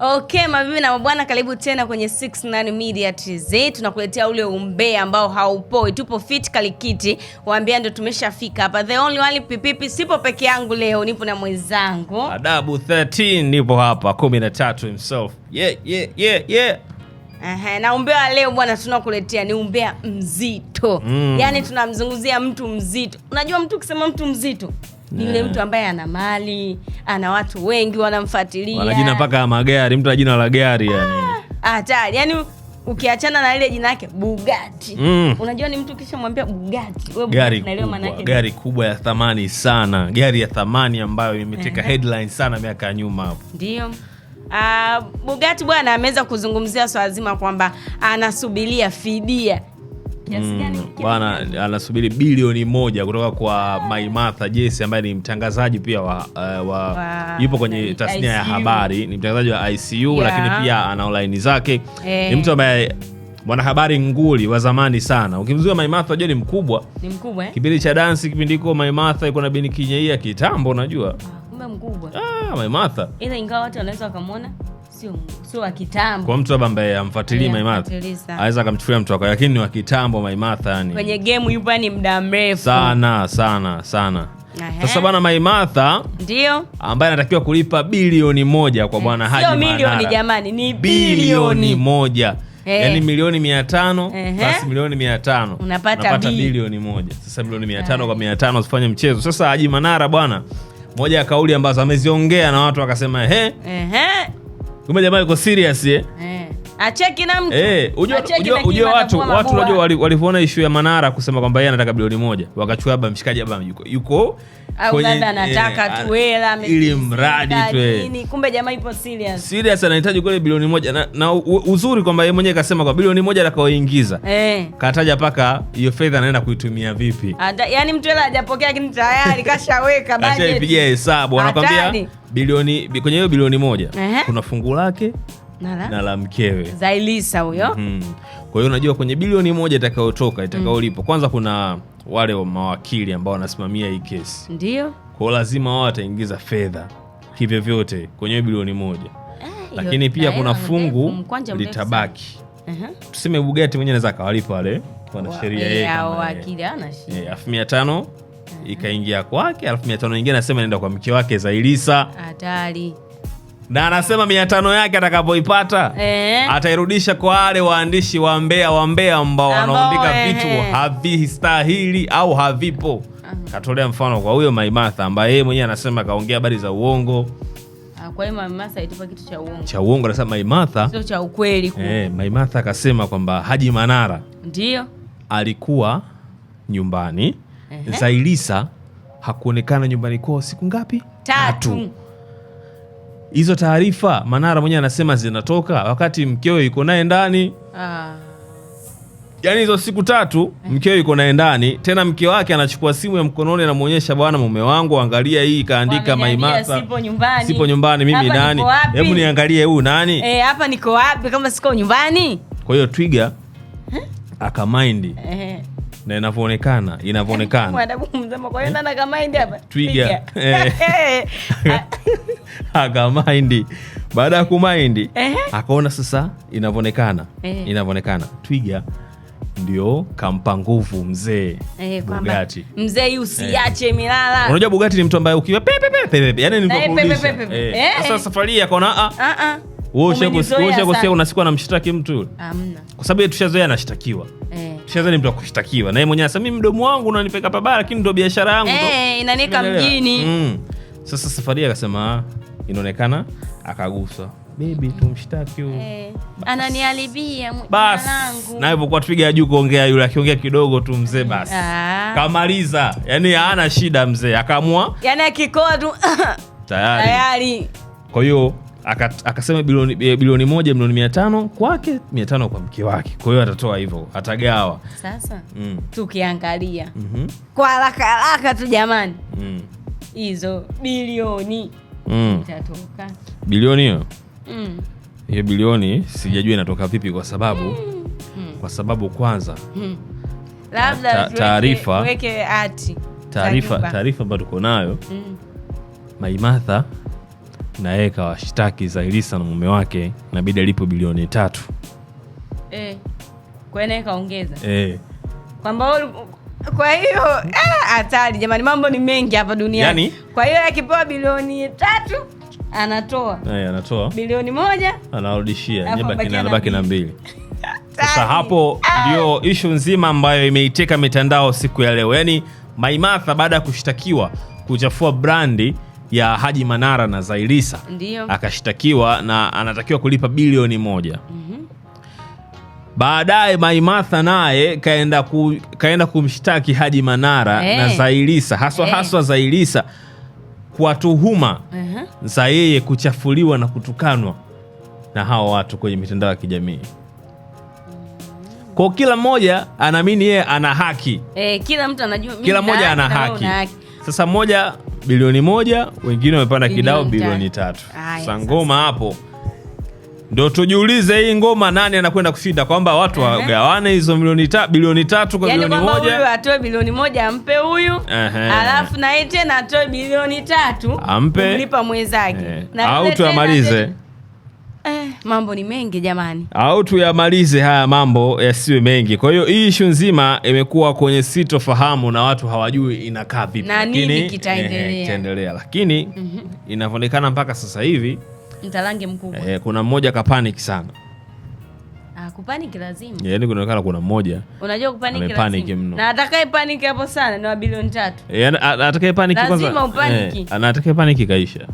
Okay, mabibi na mabwana, karibu tena kwenye 69 Media TZ. Tunakuletea ule umbea ambao haupoi, tupo fit kalikiti waambia ndo tumeshafika hapa. The only one pipipi, sipo peke yangu leo, nipo na mwenzangu adabu 13, nipo hapa 13 himself. Yeah, yeah, yeah, yeah. Aha, na umbea leo bwana tunakuletea ni umbea mzito mm. Yaani tunamzunguzia mtu mzito. Unajua mtu ukisema mtu mzito ni yule mtu ambaye ana mali, ana watu wengi wanamfuatilia, ana jina mpaka magari, mtu ana jina la gari ah, hatari yani ukiachana na ile jina yake Bugatti. Mm. Unajua ni mtu mwambia Bugatti, wewe gari kubwa, gari kubwa ya thamani sana, gari ya thamani ambayo imeteka headline sana miaka ya nyuma hapo. Ndio. Uh, Bugatti bwana ameweza kuzungumzia swala zima kwamba anasubiria fidia kiasi mm, anasubiri bilioni moja kutoka kwa maimatha Jesse ambaye ni mtangazaji pia wa, uh, wa wa Yupo kwenye tasnia ya habari, ni mtangazaji wa ICU yeah. Lakini pia ana online zake hey. Ni eh. mtu ambaye mwanahabari nguli wa zamani sana. Ukimzua Maimatha ajua ni mkubwa, ni mkubwa eh? Kipindi cha dansi kipindi iko Maimatha iko na Bini Kinyeia kitambo, unajua ah, ah ingawa watu wanaweza wakamwona sio sio wa kitambo. Kwa mtu labda ambaye amfuatilii Maimatha aweza akamchukulia mtu wako, lakini ni wa kitambo Maimartha, yani kwenye game yupo yani muda mrefu sana sana sana. Sasa bwana Maimatha ndio ambaye anatakiwa kulipa bilioni moja kwa bwana Haji Manara. Sio milioni jamani, ni bilioni moja. Hey. Yaani milioni mia tano basi milioni mia tano unapata, unapata bilioni moja. Sasa milioni mia tano kwa mia tano usifanye mchezo. Sasa Haji Manara bwana, moja ya kauli ambazo ameziongea na watu wakasema, he Kumbe jamaa yuko serious eh? Acheki na mtu. Eh, unajua watu watu unajua walivyoona issue ya Manara kusema kwamba yeye anataka bilioni moja. Wakachua baba mshikaji baba yuko. Yuko au labda anataka eh, tu hela ili mradi tu nini, kumbe jamaa ipo serious. Serious anahitaji kule bilioni moja na, na uzuri kwamba yeye mwenyewe kasema kwa bilioni moja atakaoingiza. Eh. Kataja paka hiyo fedha anaenda kuitumia vipi? Ata, yani mtu hela hajapokea lakini tayari kashaweka budget. Kashapigia hesabu anakuambia bilioni kwenye hiyo bilioni moja. Uh -huh. Kuna fungu lake na la mkewe Zailisa huyo. mm -hmm. Kwa hiyo unajua kwenye bilioni moja itakayotoka itakaolipo mm. Kwanza kuna wale wa mawakili ambao wanasimamia hii kesi, ndio kwao lazima wao wataingiza fedha hivyo vyote kwenye bilioni moja eh, lakini pia kuna fungu litabaki. uh -huh. Tuseme Bugatti mwenyewe anaweza akawalipa wale wanasheria yake eh, elfu mia tano ikaingia kwake, elfu mia tano ingine anasema inaenda kwa mke wake Zailisa. Hatari na anasema mia tano yake atakapoipata e, atairudisha kwa wale waandishi wa mbea wa mbea ambao wanaandika vitu havistahili au havipo. Uh-huh. Katolea mfano kwa huyo maimatha ambaye yeye mwenyewe anasema kaongea habari za uongo ah, kwa hiyo alitupa kitu cha uongo cha uongo, anasema Maimatha sio cha ukweli. Eh, akasema kwamba Haji Manara ndio alikuwa nyumbani. Ehe. Zailisa hakuonekana nyumbani kwao siku ngapi? Tatu. Tatu hizo taarifa Manara mwenyewe anasema zinatoka wakati mkewe yuko naye ndani ah. Yaani hizo siku tatu eh. mkewe yuko naye ndani tena, mke wake anachukua simu ya mkononi anamwonyesha, bwana mume wangu, angalia hii ikaandika Maimata, sipo nyumbani, sipo nyumbani mimi nani, hebu niangalie huu nani, eh, hapa niko wapi kama siko nyumbani? Kwa hiyo Twiga eh? akamaindi eh na inavyoonekana inavyoonekana twiga eh. ah. akamaindi. Baada ya kumaindi akaona sasa, inavyoonekana eh. inavyoonekana twiga ndio kampa nguvu mzee eh, bugati Mzee usiache milala. Unajua Bugatti ni mtu ambaye ukiwa sasa safari akaona a ah, a ah. wewe ushakusikia mtu. Kwa sababu tushazoea anashtakiwa. Eh. Shazani mtu akushtakiwa na yeye mwenyewe anasema mimi mdomo wangu unanipeka pabaya, lakini ndo biashara yangu hey, eh, inanika mjini mm. Sasa safari akasema inaonekana akaguswa bibi tumshtaki huyu. hey. Eh, ananialibia bas. Na hivyo kwa tupiga juu kuongea yule akiongea kidogo tu mzee basi. ah. Kamaliza. yani hana shida mzee. Akamua. yani akikoa tu tayari. Tayari. Kwa hiyo akasema bilioni, eh, bilioni moja milioni mia tano kwake mia tano kwa mke wake, kwa hiyo atatoa hivyo, atagawa. Sasa mm. tukiangalia mm -hmm. kwa haraka haraka tu jamani, mm. hizo mm. bilioni mm. itatoka bilioni hiyo mm. hiyo bilioni sijajua inatoka vipi, kwa sababu mm. mm. mm. kwa sababu kwanza mm. labda taarifa taarifa ambayo tuko nayo mm. Maimartha na yeye kawashtaki Zailisa na mume wake, inabidi alipo bilioni tatu. Eh, kwa hiyo kaongeza eh, kwamba kwa hiyo hatari eh, jamani, mambo ni mengi hapa duniani yani? Kwa hiyo akipewa bilioni tatu anatoa eh, anatoa bilioni moja anarudishia, anabaki na mbili Sasa hapo ah. ndio ishu nzima ambayo imeiteka mitandao siku ya leo, yaani Maimartha baada ya kushtakiwa kuchafua brandi ya Haji Manara na Zailisa Ndiyo. akashtakiwa na anatakiwa kulipa bilioni moja. mm -hmm. Baadaye maimatha naye kaenda, ku, kaenda kumshtaki Haji Manara hey. na eh. Zailisa haswa hey. Eh. haswa Zailisa kwa tuhuma uh -huh. za yeye kuchafuliwa na kutukanwa na hawa watu kwenye mitandao ya kijamii. Kwa kila mmoja anaamini yeye ana haki. Eh, kila mtu anajua mimi. Kila mmoja ana haki. Sasa mmoja bilioni moja, wengine wamepanda kidao bilioni tatu. sa ngoma hapo ndo tujiulize, hii ngoma nani anakwenda kushinda, kwamba watu wagawane hizo milioni ta, bilioni tatu kwa yaani bilioni moja, huyu atoe bilioni moja ampe huyu, alafu na yeye tena atoe bilioni tatu ampe mwenzake, au tuamalize Eh, mambo ni mengi jamani, au tuyamalize haya mambo yasiwe mengi. Kwa hiyo hii ishu nzima imekuwa kwenye sitofahamu na watu hawajui inakaa vipi na nini kitaendelea, lakini mhm. inavyoonekana mpaka sasa hivi mtalange mkubwa eh, kuna mmoja kapaniki sana ah, kupaniki lazima. Yaani kunaonekana kuna mmoja. Unajua kupaniki lazima. Na atakaye paniki hapo sana ni wa bilioni tatu. Yaani atakaye paniki kwanza. Lazima upaniki. Eh, paniki kaisha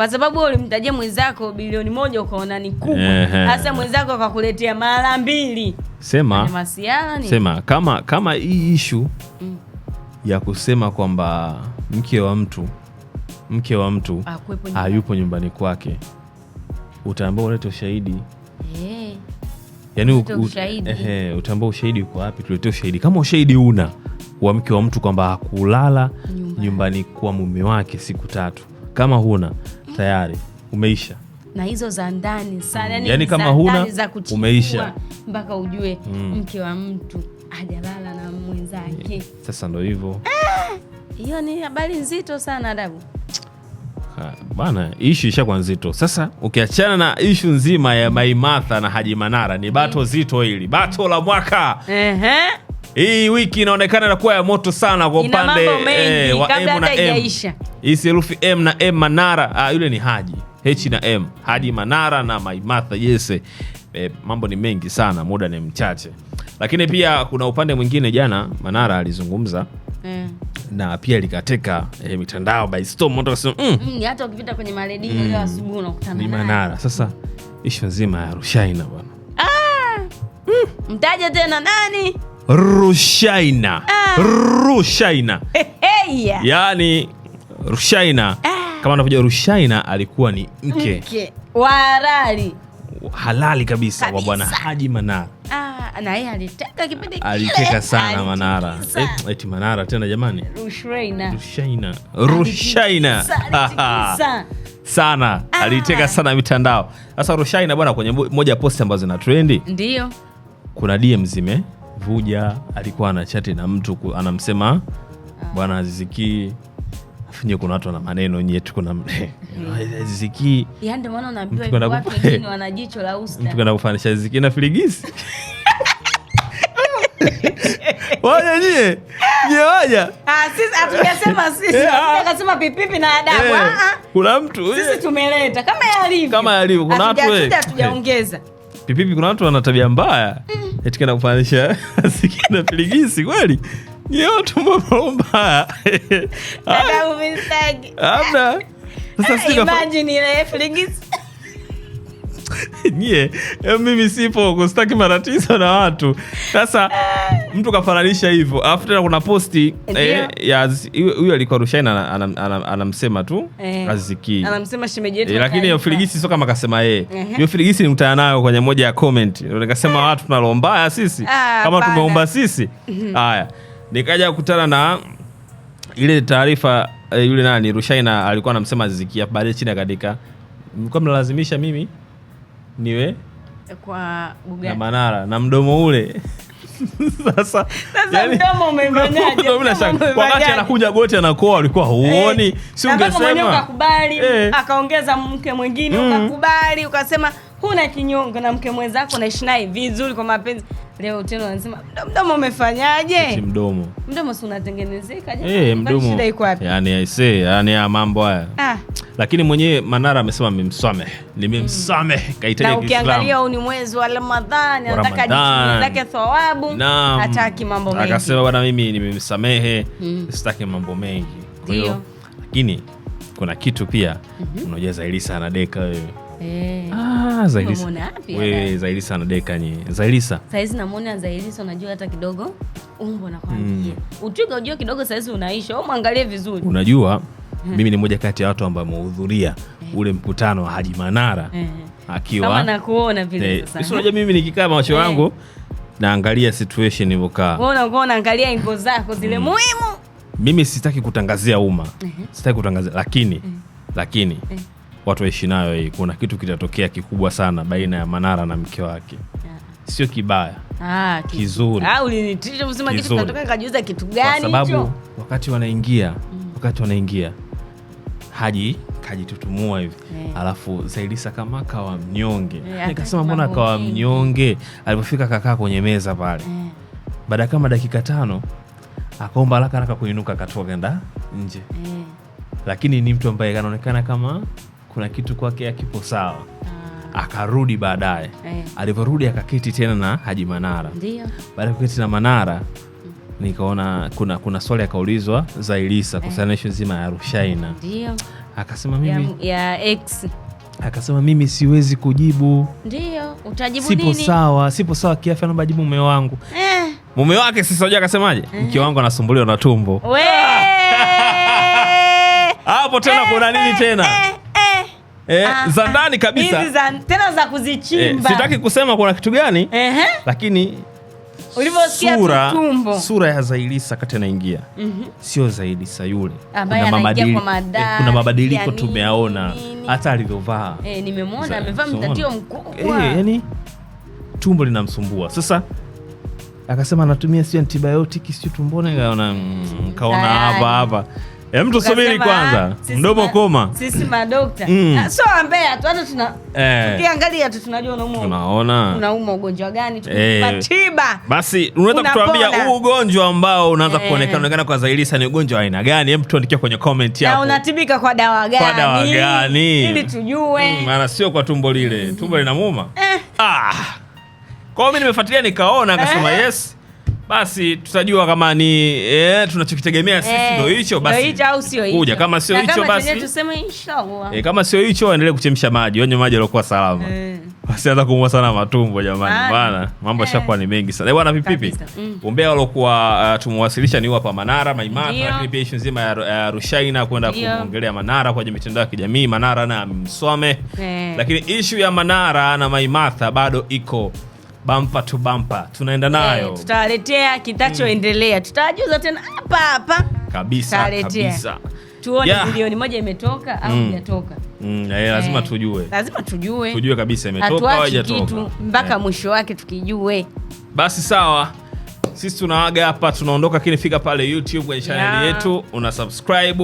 kwa sababu ulimtajia mwenzako bilioni moja ukaona ni kubwa, hasa mwenzako akakuletea mara mbili. Sema, sema kama kama hii ishu mm. ya kusema kwamba mke wa mtu mke wa mtu hayupo nyumbani kwake, utaambao ulete ushahidi yeah. Yani utaambao ushahidi uko wapi? Tulete ushahidi kama ushahidi una wa mke wa mtu kwamba hakulala nyumbani, nyumbani kwa mume wake siku tatu, kama huna Mm. tayari umeisha na hizo za ndani sana, mm. yani yaani kama huna umeisha mpaka ujue mm. mke wa mtu hajalala na mwenzake. Sasa ndo hivyo ah! hiyo. Ah, ni habari nzito sana dabu bana, ishu ishakuwa nzito sasa. Ukiachana na ishu nzima ya Maimatha na Haji Manara, ni bato mm. zito hili, bato la mwaka hii wiki inaonekana inakuwa ya moto sana kwa upande eh, wa M na M. Hii herufi M na M Manara, ah, yule ni Haji. H na M, Haji Manara na Maimartha Jesse. Eh, mambo ni mengi sana, muda ni mchache. Lakini pia kuna upande mwingine, jana Manara alizungumza eh, na pia likateka eh, mitandao by storm. Watu wakasema mm, mm, hata ukipita kwenye maredio mm, leo asubuhi unakutana na Manara. Sasa ishu nzima ya Rushaina bwana. Ah! Mm. Mtaje tena nani? Rushaina ah. Rushaina Yani Rushaina ah. Kama anavyojua Rushaina alikuwa ni mke, mke. halali kabisa wa Bwana Haji Manara ah, aliteka kipindi kile, aliteka sana Manara eh, eti Manara tena jamani, Rushaina Rushaina Rushaina sana ah. Aliteka sana mitandao. Sasa Rushaina bwana, kwenye moja ya posti ambazo zina trendi ndio kuna DM zime Vuja alikuwa anachati na mtu anamsema ah. bwana Aziziki afinye kuna watu wana maneno nyetu, kuna mm. Aziziki yaani mtu kwenda kufanisha Aziziki na Filigisi waja nyie nyie waja, ah, sisi, eh, ah, pipipi na adabu. Eh, kuna mtu sisi eh. tumeleta kama yalivyo, kama yalivyo, kuna watu pipipi, kuna watu wana tabia mbaya mm eti kufanisha sikina piligisi kweli nye mimi sipo, kustaki mara tisa na watu sasa ah mtu kafananisha hivyo, alafu tena kuna posti eh, eh, huyo alikuwa Rushaini anamsema tu eh, Aziziki, anamsema shemeji lakini hiyo filigisi sio kama kasema yeye. Hiyo filigisi nikutana nayo kwenye moja ya comment, nikasema watu tunalombaya sisi ah, kama tumeomba sisi mhm. haya. Nikaja kukutana na ile taarifa yule nani Rushaina alikuwa anamsema Aziziki, baadaye chini akaandika mlikuwa mnalazimisha mimi niwe kwa Bugatti na Manara na mdomo ule Sasa yani, mdomo umefanyaje? anakuja goti anakoa, alikuwa huoni hey? Eh, si ungesema ukakubali eh. Akaongeza mke mwingine mm. Ukakubali ukasema huna kinyongo na mke mwenzako naishi naye vizuri kwa mapenzi. Leo tena wanasema mdomo umefanyaje? Mdomo mdomo si unatengenezeka? Je, eh, yaani, mdomo shida iko wapi? Yani aisee, yani ya mambo haya ah lakini mwenyewe Manara amesema nimemsamehe, nimemsamehe hmm. Kiislamu. Ukiangalia huu ni mwezi wa Ramadhani, anataka zake thawabu, hataki mambo mengi. Akasema bwana, mimi nimemsamehe, hmm. sitaki mambo mengi. Kwa hiyo lakini kuna kitu pia mhm. unajua, Zailisa anadeka wewe Zailisa. anadeka nye. Zailisa. Saizi Zailisa unajua hata kidogo umbo nakwambia. Mm. kidogo saizi unaisha. vizuri. Unajua Mm-hmm. Mimi ni moja kati ya watu ambao wamehudhuria eh. ule mkutano wa Haji Manara eh. akiwa kama nakuona vile eh. sasa. Unajua mimi nikikaa macho yangu mm -hmm. naangalia situation ilivyokaa, unaangalia info zako zile mm. muhimu. Mimi sitaki kutangazia umma sitaki kutangazia lakini lakini watu waishi nayo hii, kuna kitu kitatokea kikubwa sana baina ya Manara na mke wake ah. sio kibaya Ah, kizuri. Ah, ulinitisha kusema kitu kinatoka kajiuza kitu gani hicho? Kwa sababu wakati wanaingia, mm. wakati wanaingia haji kajitutumua hivi yeah. Alafu Zailisa kama kawa mnyonge yeah, nikasema yaani mbona kawa mnyonge. Alipofika kakaa kwenye meza pale yeah. Baada kama dakika tano akaomba haraka haraka kuinuka akatoka kaenda nje yeah. Lakini ni mtu ambaye anaonekana kama kuna kitu kwake akipo sawa ah. Akarudi baadaye yeah. Alivyorudi akaketi tena na Haji Manara, baada ya kuketi na Manara nikaona kuna, kuna swali akaulizwa Zailisa eh. kuhusiana na ishu nzima ya Rushaina, akasema mimi ya ex akasema mimi siwezi kujibu. Ndio utajibu sipo nini? Sawa, sipo sawa kiafya, naomba jibu mume wangu eh. Mume wake sisi unajua akasemaje? Eh, mke wangu anasumbuliwa na tumbo hapo tena eh, kuna nini tena eh, eh, eh, eh ah, za ndani ah. kabisa za, tena za eh, kuzichimba eh, sitaki kusema kuna kitu gani eh, lakini sura ya Zailisa kati anaingia mm -hmm. Sio Zailisa yule, eh, kuna mabadiliko tumeaona, hata alivyovaa eh, amevaa mtatio mkubwa eh, yani tumbo linamsumbua sasa akasema anatumia sio antibiotic sio tumboni, mm, kaona kaona hapa hapa Hem Mtusubiri kwanza, mdomo ah, koma. Sisi madokta mm. Ah, so ambea tu, hata tuna eh. tukiangalia tu tunajua unaumwa, tunaona unaumwa ugonjwa gani, tunakupa eh. Basi unaweza kutuambia huu ugonjwa ambao unaanza eh. kuonekana unaonekana kwa dhahiri sana, ugonjwa wa aina gani? Hebu tuandikia kwenye comment hapo, na unatibika kwa dawa gani, kwa dawa gani ili tujue mm, maana sio kwa tumbo lile, Mm. tumbo linamuuma eh. ah. Kwa hiyo mimi nimefuatilia nikaona, eh. akasema eh. yes basi tutajua kama ni eh, tunachokitegemea sisi eh, ndio hicho basi au sio hicho kuja. Kama sio hicho basi tuseme inshallah eh, kama sio hicho endelee kuchemsha maji, wanywe maji yaliokuwa salama eh. Wasianza kuumwa sana matumbo jamani, bwana mambo eh. yashakuwa eh, ni mengi sana eh, bwana. Vipi vipi mm. umbea waliokuwa uh, tumewasilisha ni hapa Manara Maimata, lakini pia ishu nzima ya uh, Rushaina kwenda kuongelea Manara kwenye mitandao ya kijamii Manara na Mswame eh. Lakini ishu ya Manara na Maimatha bado iko bampa tu bampa tunaenda eh, nayo hey, tutawaletea kitachoendelea mm. tutawajuza tena hapa hapa kabisa kabisa tuone yeah. bilioni moja imetoka au hmm. hajatoka mm. mm, yeah, lazima eh, tujue lazima tujue tujue kabisa imetoka au haijatoka mpaka yeah. mwisho wake tukijue basi sawa sisi tunawaga hapa tunaondoka lakini fika pale YouTube kwenye chaneli yeah. yetu una subscribe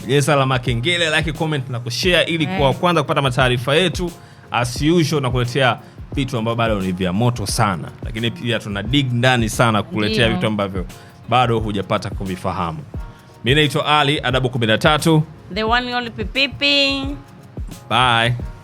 bonyeza alama kengele like comment na kushare ili yeah. kwa eh. kwanza kupata mataarifa yetu as usual na kuletea vitu ambavyo bado ni vya moto sana, lakini pia tuna dig ndani sana kukuletea yeah, vitu ambavyo bado hujapata kuvifahamu. Mi naitwa Ali Adabu 13 the one only pipipi. Bye.